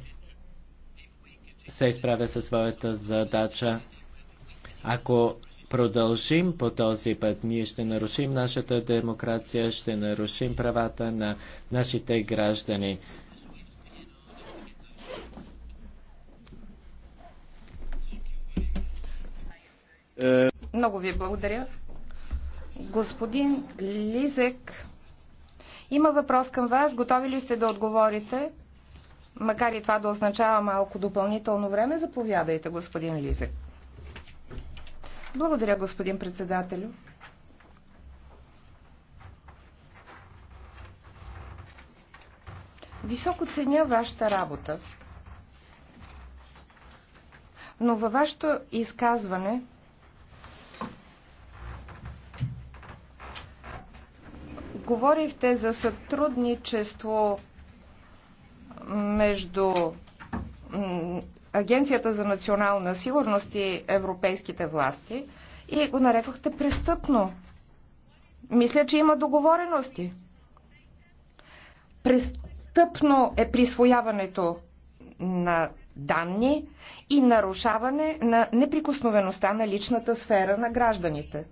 се изправя със своята задача. Ако продължим по този път, ние ще нарушим нашата демокрация, ще нарушим правата на нашите граждани. Много ви благодаря. Господин Лизек, има въпрос към вас. Готови ли сте да отговорите? Макар и това да означава малко допълнително време, заповядайте, господин Лизек. Благодаря, господин председателю. Високо ценя вашата работа, но във вашето изказване Говорихте за сътрудничество между Агенцията за национална сигурност и европейските власти и го нарекохте престъпно. Мисля, че има договорености. Престъпно е присвояването на данни и нарушаване на неприкосновеността на личната сфера на гражданите.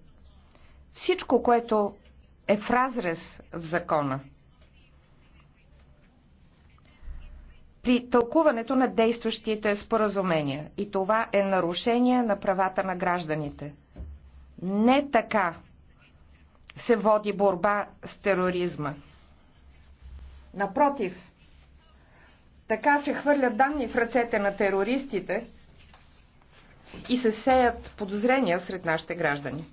Всичко, което е в разрез в закона. при тълкуването на действащите споразумения. И това е нарушение на правата на гражданите. Не така се води борба с тероризма. Напротив, така се хвърлят данни в ръцете на терористите и се сеят подозрения сред нашите граждани.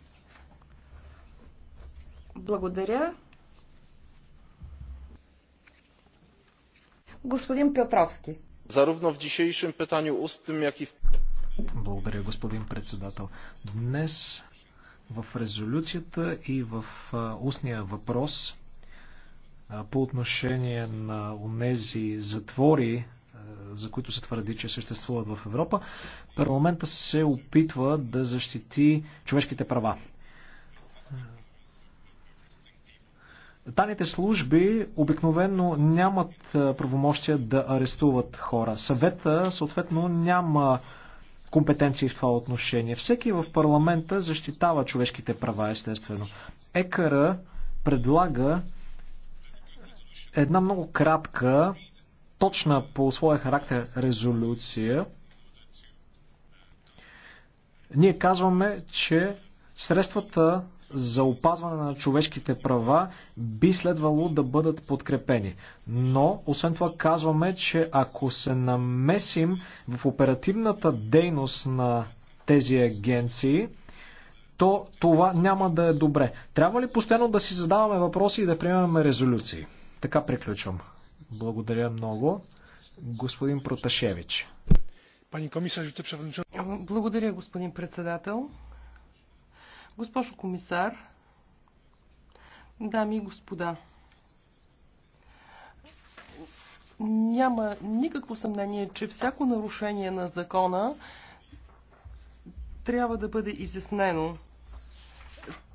Благодаря. Господин Петровски. Заровно в дишейшем питанию устным, как и в... Благодаря, господин председател. Днес в резолюцията и в устния въпрос по отношение на онези затвори, за които се твърди, че съществуват в Европа, парламента се опитва да защити човешките права. Таните служби обикновено нямат правомощия да арестуват хора. Съвета, съответно, няма компетенции в това отношение. Всеки в парламента защитава човешките права, естествено. ЕКР предлага една много кратка, точна по своя характер резолюция. Ние казваме, че средствата за опазване на човешките права би следвало да бъдат подкрепени. Но, освен това, казваме, че ако се намесим в оперативната дейност на тези агенции, то това няма да е добре. Трябва ли постоянно да си задаваме въпроси и да приемаме резолюции? Така приключвам. Благодаря много. Господин Проташевич. Пани комисар, Благодаря, господин председател. Госпожо комисар, дами и господа, няма никакво съмнение, че всяко нарушение на закона трябва да бъде изяснено.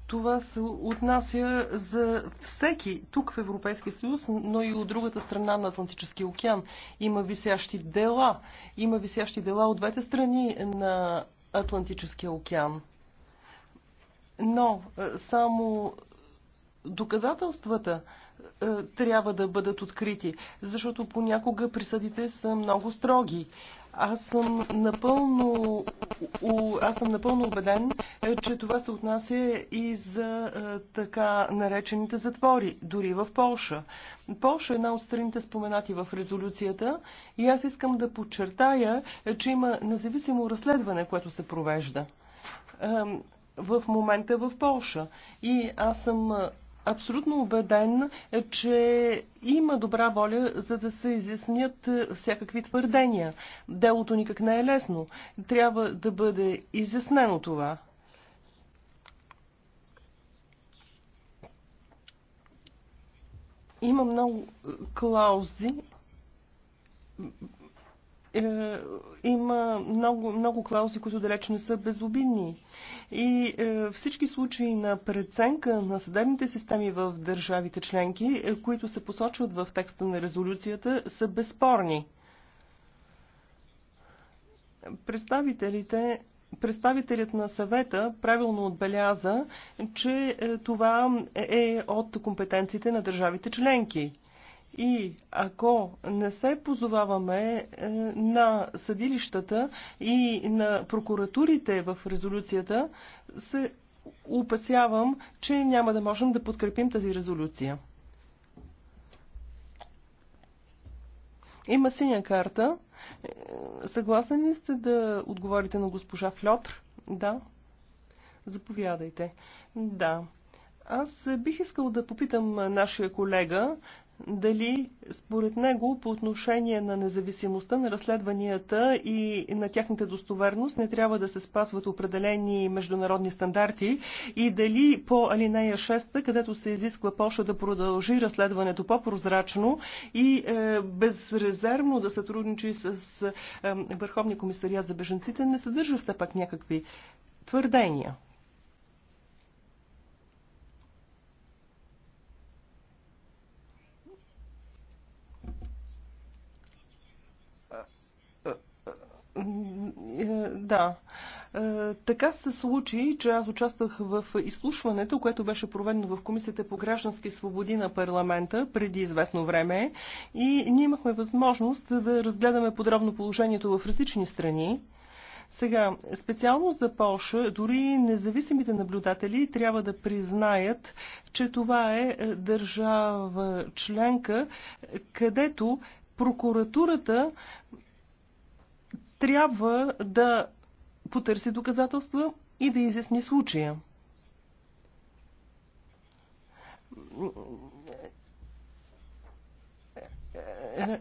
Това се отнася за всеки тук в Европейския съюз, но и от другата страна на Атлантическия океан. Има висящи дела. Има висящи дела от двете страни на Атлантическия океан но е, само доказателствата е, трябва да бъдат открити, защото понякога присъдите са много строги. Аз съм напълно, аз съм напълно убеден, е, че това се отнася и за така наречените затвори, дори в Полша. Полша е една от страните споменати в резолюцията и аз искам да подчертая, че има независимо разследване, което се провежда в момента в Полша. И аз съм абсолютно убеден, че има добра воля, за да се изяснят всякакви твърдения. Делото никак не е лесно. Трябва да бъде изяснено това. Има много клаузи, е, има много, много клаузи, които далеч не са безобидни. И е, всички случаи на преценка на съдебните системи в държавите членки, е, които се посочват в текста на резолюцията, са безспорни. Представителите Представителят на съвета правилно отбеляза, че е, това е от компетенциите на държавите членки. И ако не се позоваваме е, на съдилищата и на прокуратурите в резолюцията, се опасявам, че няма да можем да подкрепим тази резолюция. Има синя карта. Е, съгласен ли сте да отговорите на госпожа Флотр? Да. Заповядайте. Да. Аз бих искал да попитам нашия колега дали според него по отношение на независимостта на разследванията и на тяхната достоверност не трябва да се спазват определени международни стандарти и дали по алинея 6, където се изисква Польша да продължи разследването по-прозрачно и е, безрезервно да сътрудничи с е, Върховния комисария за беженците, не съдържа все пак някакви твърдения. Да. Е, така се случи, че аз участвах в изслушването, което беше проведено в Комисията по граждански свободи на парламента преди известно време и ние имахме възможност да разгледаме подробно положението в различни страни. Сега, специално за Польша, дори независимите наблюдатели трябва да признаят, че това е държава членка, където прокуратурата трябва да потърси доказателства и да изясни случая.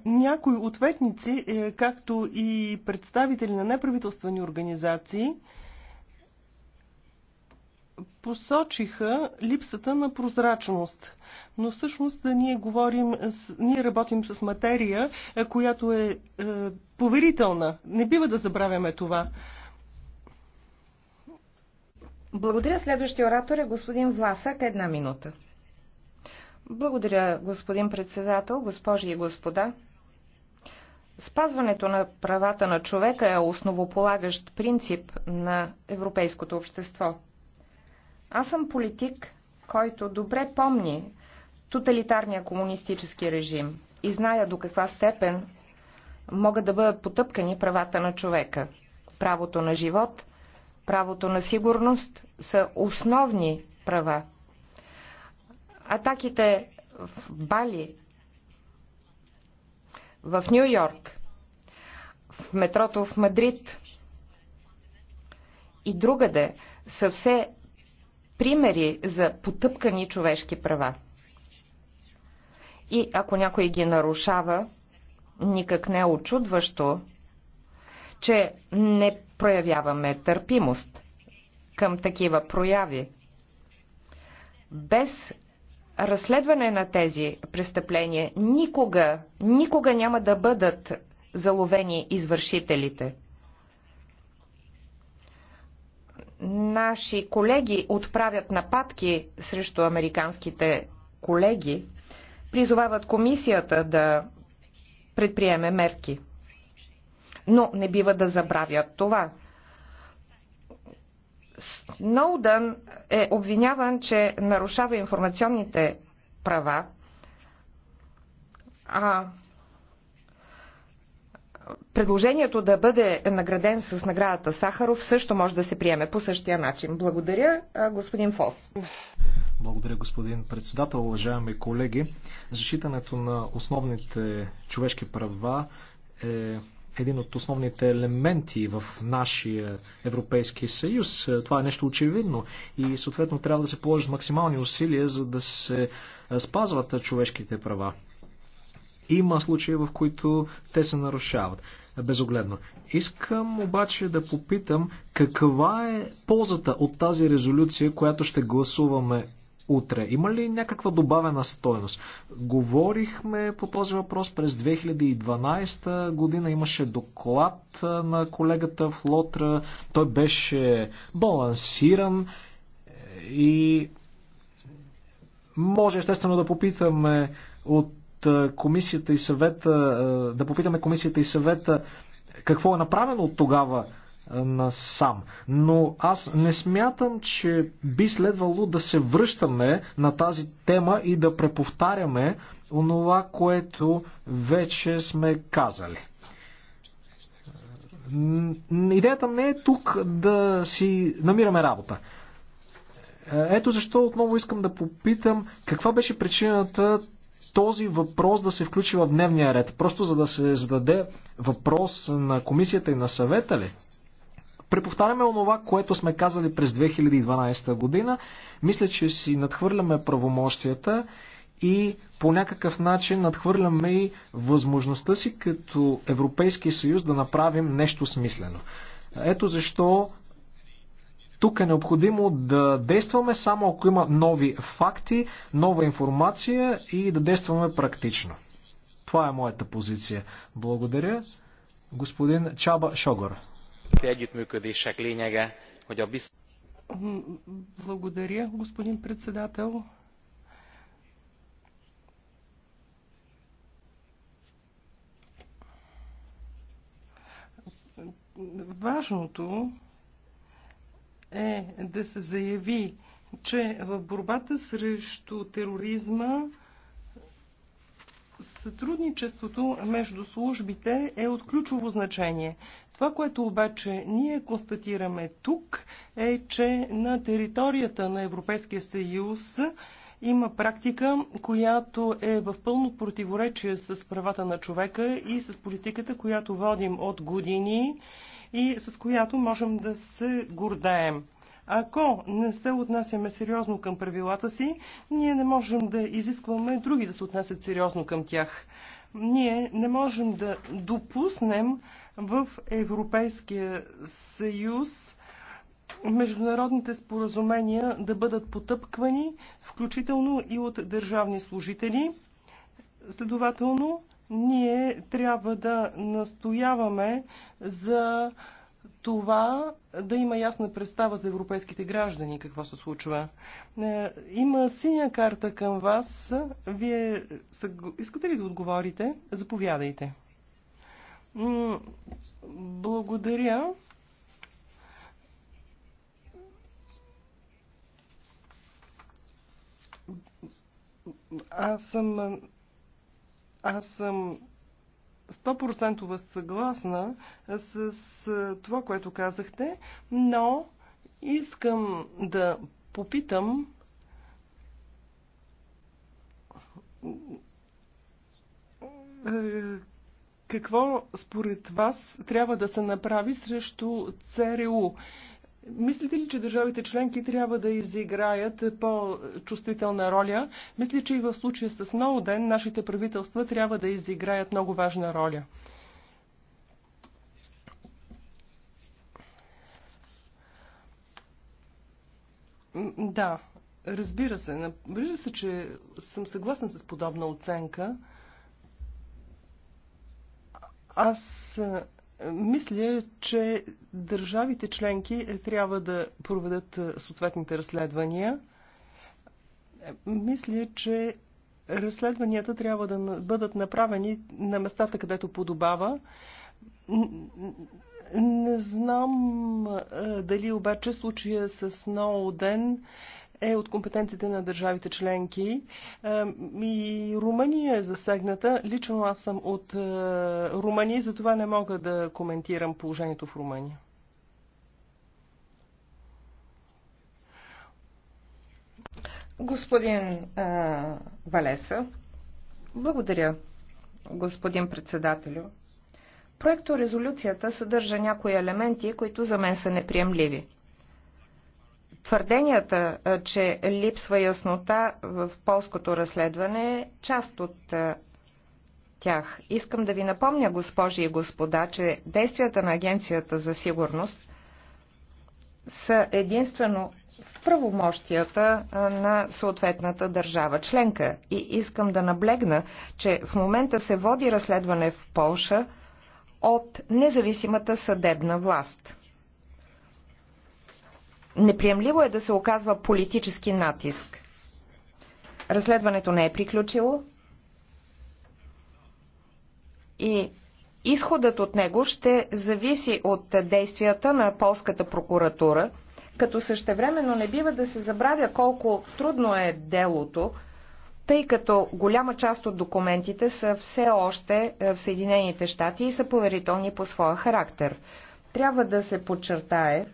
Някои ответници, е, както и представители на неправителствени организации, посочиха липсата на прозрачност. Но всъщност да ние говорим, ние работим с материя, е, която е, е поверителна. Не бива да забравяме това. Благодаря. Следващия оратор е господин Власък. Една минута. Благодаря, господин председател, госпожи и господа. Спазването на правата на човека е основополагащ принцип на европейското общество. Аз съм политик, който добре помни тоталитарния комунистически режим и зная до каква степен могат да бъдат потъпкани правата на човека. Правото на живот, правото на сигурност са основни права. Атаките в Бали, в Нью Йорк, в метрото в Мадрид и другаде са все примери за потъпкани човешки права. И ако някой ги нарушава, никак не е очудващо, че не проявяваме търпимост към такива прояви. Без разследване на тези престъпления никога, никога няма да бъдат заловени извършителите. наши колеги отправят нападки срещу американските колеги, призовават комисията да предприеме мерки. Но не бива да забравят това. Сноудън е обвиняван, че нарушава информационните права, а предложението да бъде награден с наградата Сахаров също може да се приеме по същия начин. Благодаря, господин Фос. Благодаря, господин председател, уважаеми колеги. Защитането на основните човешки права е един от основните елементи в нашия Европейски съюз. Това е нещо очевидно и съответно трябва да се положат максимални усилия, за да се спазват човешките права. Има случаи, в които те се нарушават безогледно. Искам обаче да попитам каква е ползата от тази резолюция, която ще гласуваме утре? Има ли някаква добавена стойност? Говорихме по този въпрос през 2012 година. Имаше доклад на колегата в Лотра. Той беше балансиран е, и може естествено да попитаме от комисията и съвета, да попитаме комисията и съвета какво е направено от тогава на сам. Но аз не смятам, че би следвало да се връщаме на тази тема и да преповтаряме онова, което вече сме казали. Идеята не е тук да си намираме работа. Е, ето защо отново искам да попитам каква беше причината този въпрос да се включи в дневния ред? Просто за да се зададе въпрос на комисията и на съвета ли? Преповтаряме онова, което сме казали през 2012 година. Мисля, че си надхвърляме правомощията и по някакъв начин надхвърляме и възможността си като Европейски съюз да направим нещо смислено. Ето защо тук е необходимо да действаме само ако има нови факти, нова информация и да действаме практично. Това е моята позиция. Благодаря. Господин Чаба Шогор. Благодаря, господин председател. Важното е да се заяви, че в борбата срещу тероризма сътрудничеството между службите е от ключово значение. Това, което обаче ние констатираме тук, е, че на територията на Европейския съюз има практика, която е в пълно противоречие с правата на човека и с политиката, която водим от години и с която можем да се гордаем. Ако не се отнасяме сериозно към правилата си, ние не можем да изискваме други да се отнасят сериозно към тях. Ние не можем да допуснем в Европейския съюз международните споразумения да бъдат потъпквани, включително и от държавни служители. Следователно, ние трябва да настояваме за това да има ясна представа за европейските граждани какво се случва. Е, има синя карта към вас. Вие искате ли да отговорите? Заповядайте. Благодаря. Аз съм аз съм 100% съгласна с, с това, което казахте, но искам да попитам какво според вас трябва да се направи срещу ЦРУ. Мислите ли, че държавите членки трябва да изиграят по-чувствителна роля? Мисля, че и в случая с ден нашите правителства трябва да изиграят много важна роля. Да, разбира се. вижда се, че съм съгласен с подобна оценка. Аз мисля, че държавите членки трябва да проведат съответните разследвания. Мисля, че разследванията трябва да бъдат направени на местата, където подобава. Не знам дали обаче случая с Сноуден Ден е от компетенциите на държавите членки. И Румъния е засегната. Лично аз съм от е, Румъния затова не мога да коментирам положението в Румъния. Господин а, Валеса, благодаря, господин председателю. Проекто резолюцията съдържа някои елементи, които за мен са неприемливи. Твърденията, че липсва яснота в полското разследване е част от тях. Искам да ви напомня, госпожи и господа, че действията на Агенцията за сигурност са единствено в правомощията на съответната държава членка. И искам да наблегна, че в момента се води разследване в Полша от независимата съдебна власт. Неприемливо е да се оказва политически натиск. Разследването не е приключило и изходът от него ще зависи от действията на полската прокуратура, като същевременно не бива да се забравя колко трудно е делото, тъй като голяма част от документите са все още е, в Съединените щати и са поверителни по своя характер. Трябва да се подчертае,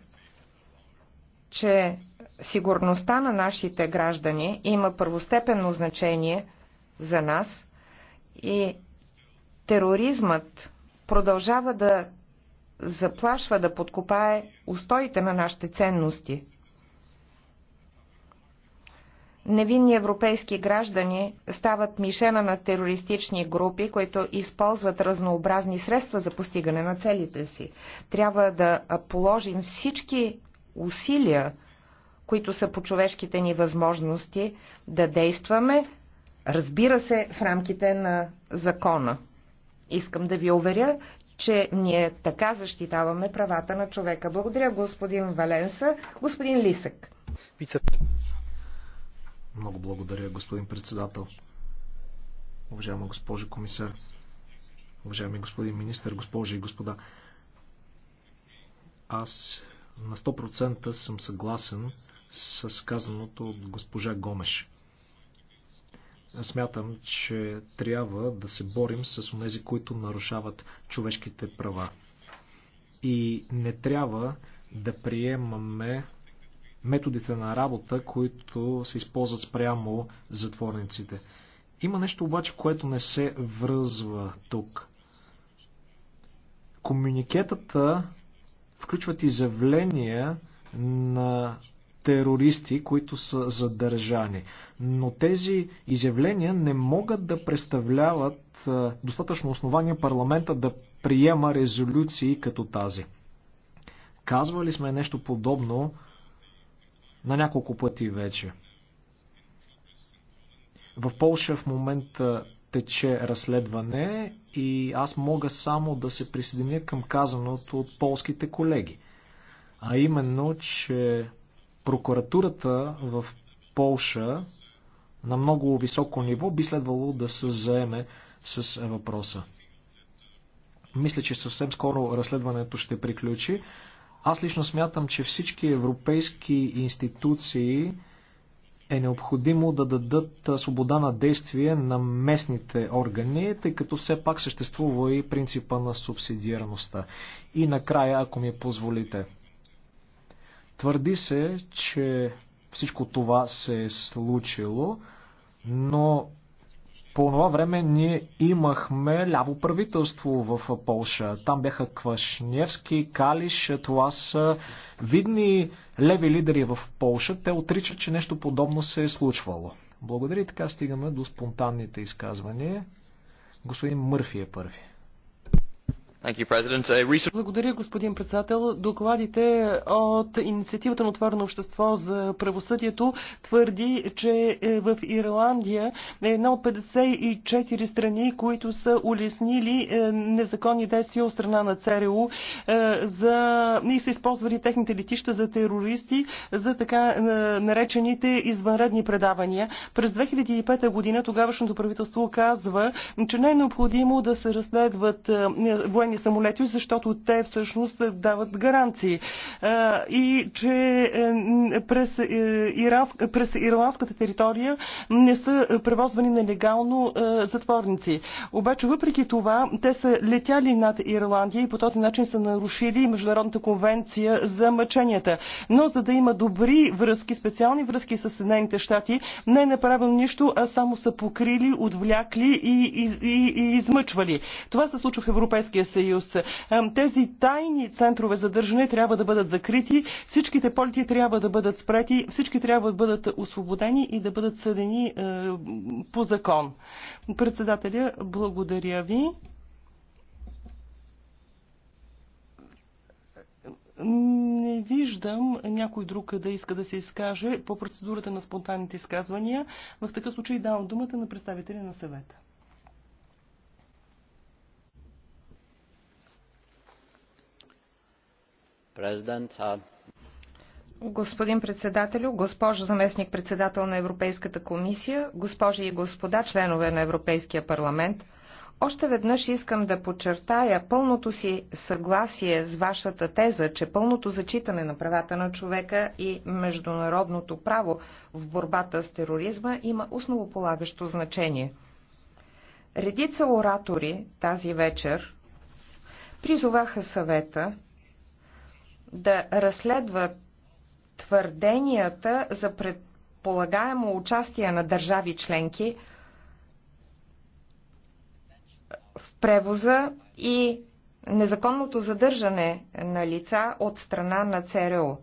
че сигурността на нашите граждани има първостепенно значение за нас и тероризмът продължава да заплашва да подкопае устоите на нашите ценности. Невинни европейски граждани стават мишена на терористични групи, които използват разнообразни средства за постигане на целите си. Трябва да положим всички усилия, които са по човешките ни възможности да действаме, разбира се, в рамките на закона. Искам да ви уверя, че ние така защитаваме правата на човека. Благодаря господин Валенса. Господин Лисък. Вице... Много благодаря, господин председател. Уважаема госпожа комисар, уважаеми господин министр, госпожи и господа. Аз на 100% съм съгласен с казаното от госпожа Гомеш. Смятам, че трябва да се борим с тези, които нарушават човешките права. И не трябва да приемаме методите на работа, които се използват спрямо затворниците. Има нещо обаче, което не се връзва тук. Комуникетата включват изявления на терористи, които са задържани. Но тези изявления не могат да представляват достатъчно основания парламента да приема резолюции като тази. Казвали сме нещо подобно на няколко пъти вече. В Полша в момента тече разследване и аз мога само да се присъединя към казаното от полските колеги. А именно, че прокуратурата в Полша на много високо ниво би следвало да се заеме с въпроса. Мисля, че съвсем скоро разследването ще приключи. Аз лично смятам, че всички европейски институции е необходимо да дадат свобода на действие на местните органи, тъй като все пак съществува и принципа на субсидиарността. И накрая, ако ми позволите, твърди се, че всичко това се е случило, но по това време ние имахме ляво правителство в Полша. Там бяха Квашневски, Калиш. Това са видни леви лидери в Полша. Те отричат, че нещо подобно се е случвало. Благодаря и така стигаме до спонтанните изказвания. Господин Мърфи е първи. Благодаря, господин председател. Докладите от инициативата на отворено общество за правосъдието твърди, че е, в Ирландия е една от 54 страни, които са улеснили е, незаконни действия от страна на ЦРУ е, за... и са използвали техните летища за терористи, за така наречените извънредни предавания. През 2005 година тогавашното правителство казва, че не е необходимо да се разследват военни подводни самолети, защото те всъщност дават гаранции. И че е, през, е, иранска, през ирландската територия не са превозвани нелегално е, затворници. Обаче, въпреки това, те са летяли над Ирландия и по този начин са нарушили Международната конвенция за мъченията. Но за да има добри връзки, специални връзки с Съединените щати, не е направено нищо, а само са покрили, отвлякли и, и, и, и измъчвали. Това се случва в Европейския съюз съюз. Тези тайни центрове за държане трябва да бъдат закрити, всичките полети трябва да бъдат спрети, всички трябва да бъдат освободени и да бъдат съдени е, по закон. Председателя, благодаря ви. Не виждам някой друг да иска да се изкаже по процедурата на спонтанните изказвания. В такъв случай давам думата на представителя на съвета. Господин председателю, госпожо заместник председател на Европейската комисия, госпожи и господа членове на Европейския парламент, още веднъж искам да подчертая пълното си съгласие с вашата теза, че пълното зачитане на правата на човека и международното право в борбата с тероризма има основополагащо значение. Редица оратори тази вечер призоваха съвета да разследва твърденията за предполагаемо участие на държави членки в превоза и незаконното задържане на лица от страна на ЦРУ.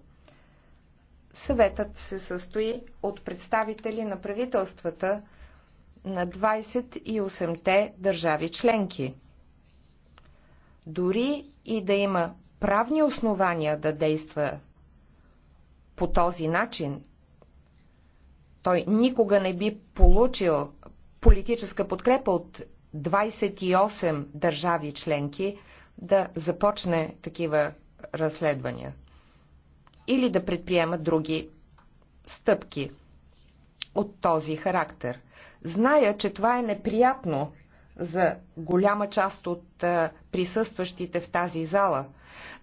Съветът се състои от представители на правителствата на 28-те държави членки. Дори и да има правни основания да действа по този начин, той никога не би получил политическа подкрепа от 28 държави членки да започне такива разследвания или да предприема други стъпки от този характер. Зная, че това е неприятно за голяма част от присъстващите в тази зала –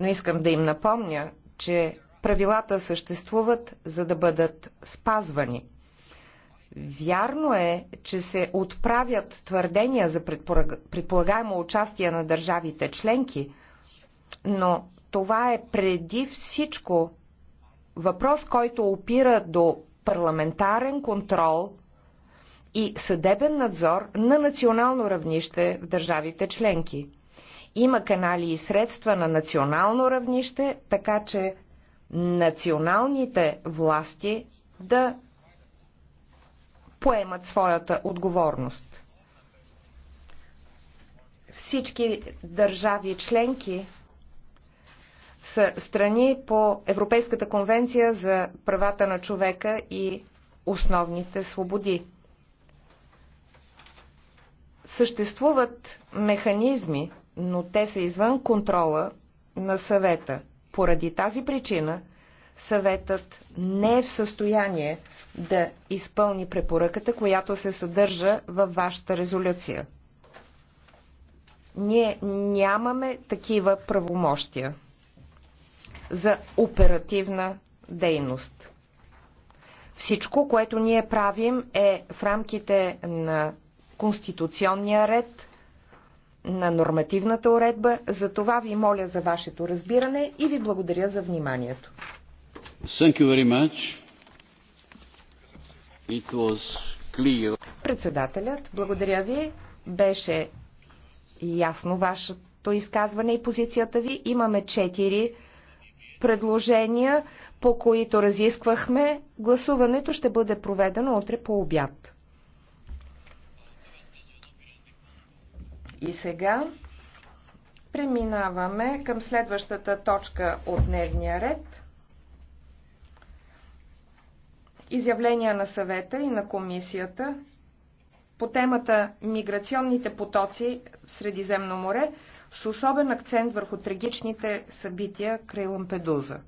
но искам да им напомня, че правилата съществуват, за да бъдат спазвани. Вярно е, че се отправят твърдения за предполагаемо участие на държавите членки, но това е преди всичко въпрос, който опира до парламентарен контрол и съдебен надзор на национално равнище в държавите членки. Има канали и средства на национално равнище, така че националните власти да поемат своята отговорност. Всички държави членки са страни по Европейската конвенция за правата на човека и основните свободи. Съществуват механизми, но те са извън контрола на съвета. Поради тази причина съветът не е в състояние да изпълни препоръката, която се съдържа във вашата резолюция. Ние нямаме такива правомощия за оперативна дейност. Всичко, което ние правим е в рамките на конституционния ред – на нормативната уредба. За това ви моля за вашето разбиране и ви благодаря за вниманието. Председателят, благодаря ви. Беше ясно вашето изказване и позицията ви. Имаме четири предложения, по които разисквахме. Гласуването ще бъде проведено утре по обяд. И сега преминаваме към следващата точка от дневния ред. Изявления на съвета и на комисията по темата Миграционните потоци в Средиземно море с особен акцент върху трагичните събития край Лампедуза.